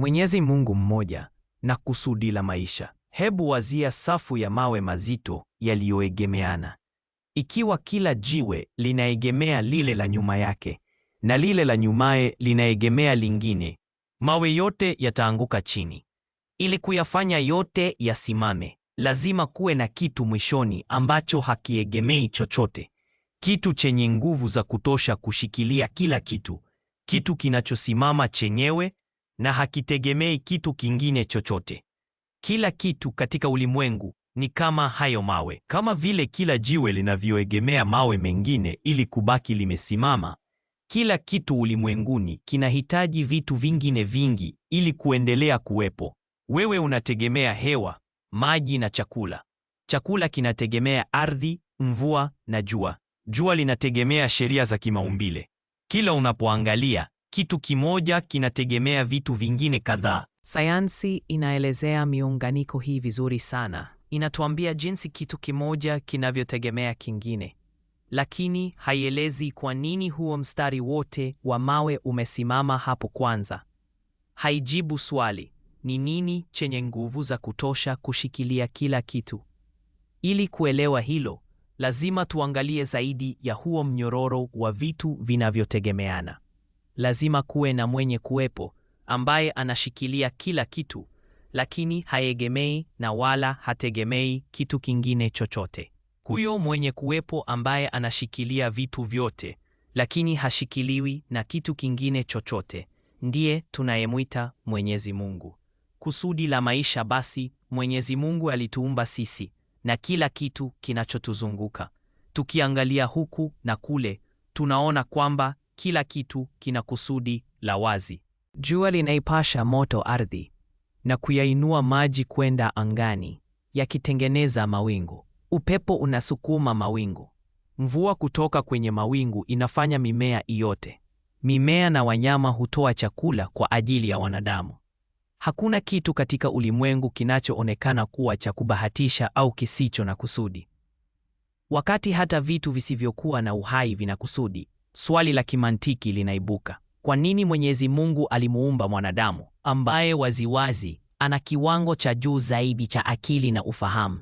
Mwenyezi Mungu mmoja na kusudi la maisha. Hebu wazia safu ya mawe mazito yaliyoegemeana. Ikiwa kila jiwe linaegemea lile la nyuma yake na lile la nyumaye linaegemea lingine, mawe yote yataanguka chini. Ili kuyafanya yote yasimame, lazima kuwe na kitu mwishoni ambacho hakiegemei chochote, kitu chenye nguvu za kutosha kushikilia kila kitu, kitu kinachosimama chenyewe na hakitegemei kitu kingine chochote. Kila kitu katika ulimwengu ni kama hayo mawe. Kama vile kila jiwe linavyoegemea mawe mengine ili kubaki limesimama, kila kitu ulimwenguni kinahitaji vitu vingine vingi ili kuendelea kuwepo. Wewe unategemea hewa, maji na chakula. Chakula kinategemea ardhi, mvua na jua. Jua linategemea sheria za kimaumbile. Kila unapoangalia kitu kimoja kinategemea vitu vingine kadhaa. Sayansi inaelezea miunganiko hii vizuri sana. Inatuambia jinsi kitu kimoja kinavyotegemea kingine, lakini haielezi kwa nini huo mstari wote wa mawe umesimama hapo kwanza. Haijibu swali, ni nini chenye nguvu za kutosha kushikilia kila kitu? Ili kuelewa hilo, lazima tuangalie zaidi ya huo mnyororo wa vitu vinavyotegemeana lazima kuwe na mwenye kuwepo ambaye anashikilia kila kitu, lakini haegemei na wala hategemei kitu kingine chochote. Huyo mwenye kuwepo ambaye anashikilia vitu vyote, lakini hashikiliwi na kitu kingine chochote, ndiye tunayemwita Mwenyezi Mungu. Kusudi la maisha basi, Mwenyezi Mungu alituumba sisi na kila kitu kinachotuzunguka. Tukiangalia huku na kule, tunaona kwamba kila kitu kina kusudi la wazi. Jua linaipasha moto ardhi na kuyainua maji kwenda angani, yakitengeneza mawingu. Upepo unasukuma mawingu. Mvua kutoka kwenye mawingu inafanya mimea iote. Mimea na wanyama hutoa chakula kwa ajili ya wanadamu. Hakuna kitu katika ulimwengu kinachoonekana kuwa cha kubahatisha au kisicho na kusudi. Wakati hata vitu visivyokuwa na uhai vina kusudi, Swali la kimantiki linaibuka: kwa nini Mwenyezi Mungu alimuumba mwanadamu ambaye waziwazi ana kiwango cha juu zaidi cha akili na ufahamu?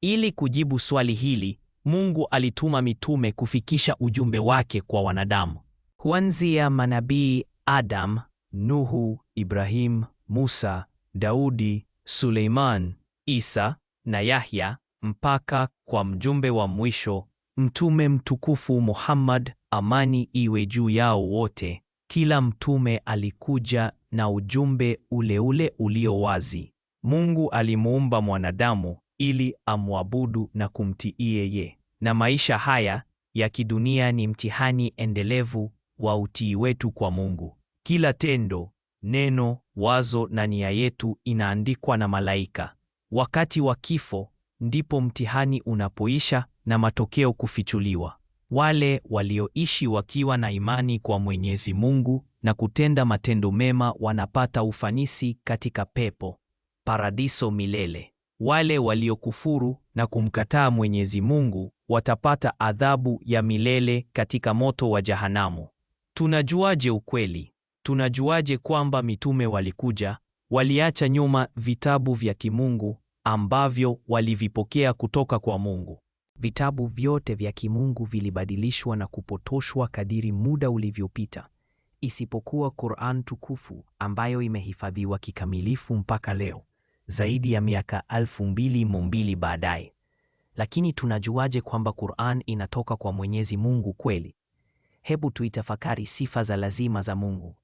Ili kujibu swali hili, Mungu alituma mitume kufikisha ujumbe wake kwa wanadamu. Kuanzia manabii Adam, Nuhu, Ibrahim, Musa, Daudi, Suleiman, Isa na Yahya mpaka kwa mjumbe wa mwisho, Mtume mtukufu Muhammad Amani iwe juu yao wote. Kila mtume alikuja na ujumbe ule ule ulio wazi. Mungu alimuumba mwanadamu ili amwabudu na kumtii yeye, na maisha haya ya kidunia ni mtihani endelevu wa utii wetu kwa Mungu. Kila tendo, neno, wazo na nia yetu inaandikwa na malaika. Wakati wa kifo ndipo mtihani unapoisha na matokeo kufichuliwa wale walioishi wakiwa na imani kwa Mwenyezi Mungu na kutenda matendo mema wanapata ufanisi katika pepo paradiso milele. Wale waliokufuru na kumkataa Mwenyezi Mungu watapata adhabu ya milele katika moto wa jahanamu. Tunajuaje ukweli? Tunajuaje kwamba mitume walikuja, waliacha nyuma vitabu vya kimungu ambavyo walivipokea kutoka kwa Mungu? Vitabu vyote vya kimungu vilibadilishwa na kupotoshwa kadiri muda ulivyopita, isipokuwa Qur'an tukufu ambayo imehifadhiwa kikamilifu mpaka leo, zaidi ya miaka 2200 baadaye. Lakini tunajuaje kwamba Qur'an inatoka kwa Mwenyezi Mungu kweli? Hebu tuitafakari sifa za lazima za Mungu.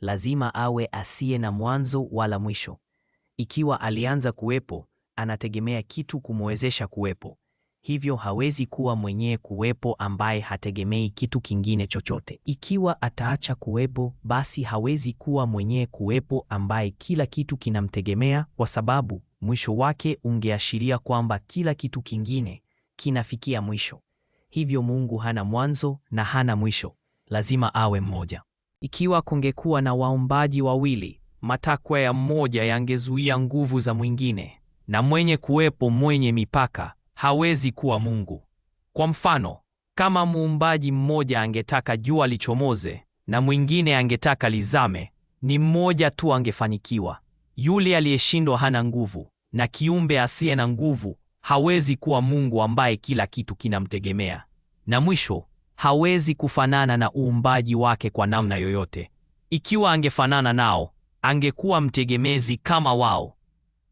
Lazima awe asiye na mwanzo wala mwisho. Ikiwa alianza kuwepo, anategemea kitu kumwezesha kuwepo hivyo hawezi kuwa mwenyewe kuwepo ambaye hategemei kitu kingine chochote. Ikiwa ataacha kuwepo, basi hawezi kuwa mwenyewe kuwepo ambaye kila kitu kinamtegemea, kwa sababu mwisho wake ungeashiria kwamba kila kitu kingine kinafikia mwisho. Hivyo Mungu hana mwanzo na hana mwisho, lazima awe mmoja. Ikiwa kungekuwa na waumbaji wawili, matakwa ya mmoja yangezuia nguvu za mwingine, na mwenye kuwepo mwenye mipaka hawezi kuwa Mungu. Kwa mfano, kama muumbaji mmoja angetaka jua lichomoze na mwingine angetaka lizame, ni mmoja tu angefanikiwa. Yule aliyeshindwa hana nguvu, na kiumbe asiye na nguvu hawezi kuwa Mungu ambaye kila kitu kinamtegemea. Na mwisho, hawezi kufanana na uumbaji wake kwa namna yoyote. Ikiwa angefanana nao, angekuwa mtegemezi kama wao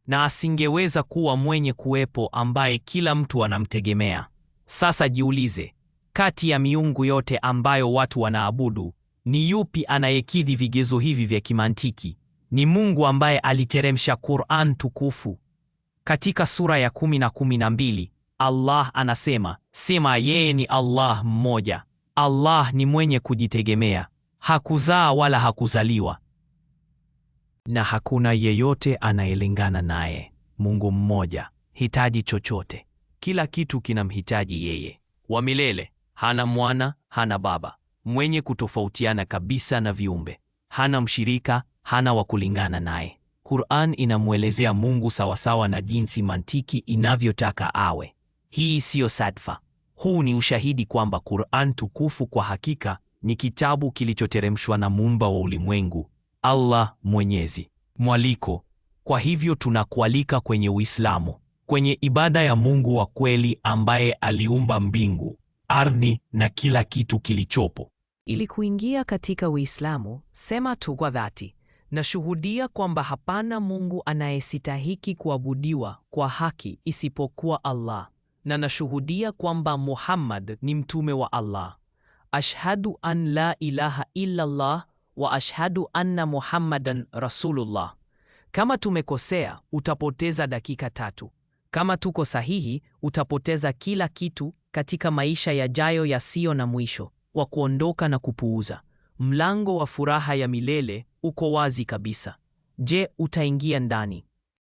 na asingeweza kuwa mwenye kuwepo ambaye kila mtu anamtegemea. Sasa jiulize, kati ya miungu yote ambayo watu wanaabudu, ni yupi anayekidhi vigezo hivi vya kimantiki? Ni Mungu ambaye aliteremsha Qur'an tukufu katika sura ya kumi na kumi na mbili Allah anasema, sema yeye ni Allah mmoja. Allah ni mwenye kujitegemea, hakuzaa wala hakuzaliwa na hakuna yeyote anayelingana naye. Mungu mmoja, hitaji chochote, kila kitu kinamhitaji yeye, wa milele, hana mwana, hana baba, mwenye kutofautiana kabisa na viumbe, hana mshirika, hana wa kulingana naye. Qur'an inamwelezea Mungu sawasawa na jinsi mantiki inavyotaka awe. Hii siyo sadfa. Huu ni ushahidi kwamba Qur'an tukufu kwa hakika ni kitabu kilichoteremshwa na Muumba wa ulimwengu Allah Mwenyezi. Mwaliko. Kwa hivyo tunakualika kwenye Uislamu, kwenye ibada ya Mungu wa kweli ambaye aliumba mbingu, ardhi na kila kitu kilichopo. Ili kuingia katika Uislamu, sema tu kwa dhati, nashuhudia kwamba hapana Mungu anayesitahiki kuabudiwa kwa haki isipokuwa Allah, na nashuhudia kwamba Muhammad ni mtume wa Allah. Ashhadu an la ilaha illa Allah wa ashhadu anna muhammadan rasulullah. Kama tumekosea utapoteza dakika tatu, kama tuko sahihi utapoteza kila kitu katika maisha yajayo yasiyo na mwisho wa kuondoka na kupuuza. Mlango wa furaha ya milele uko wazi kabisa. Je, utaingia ndani?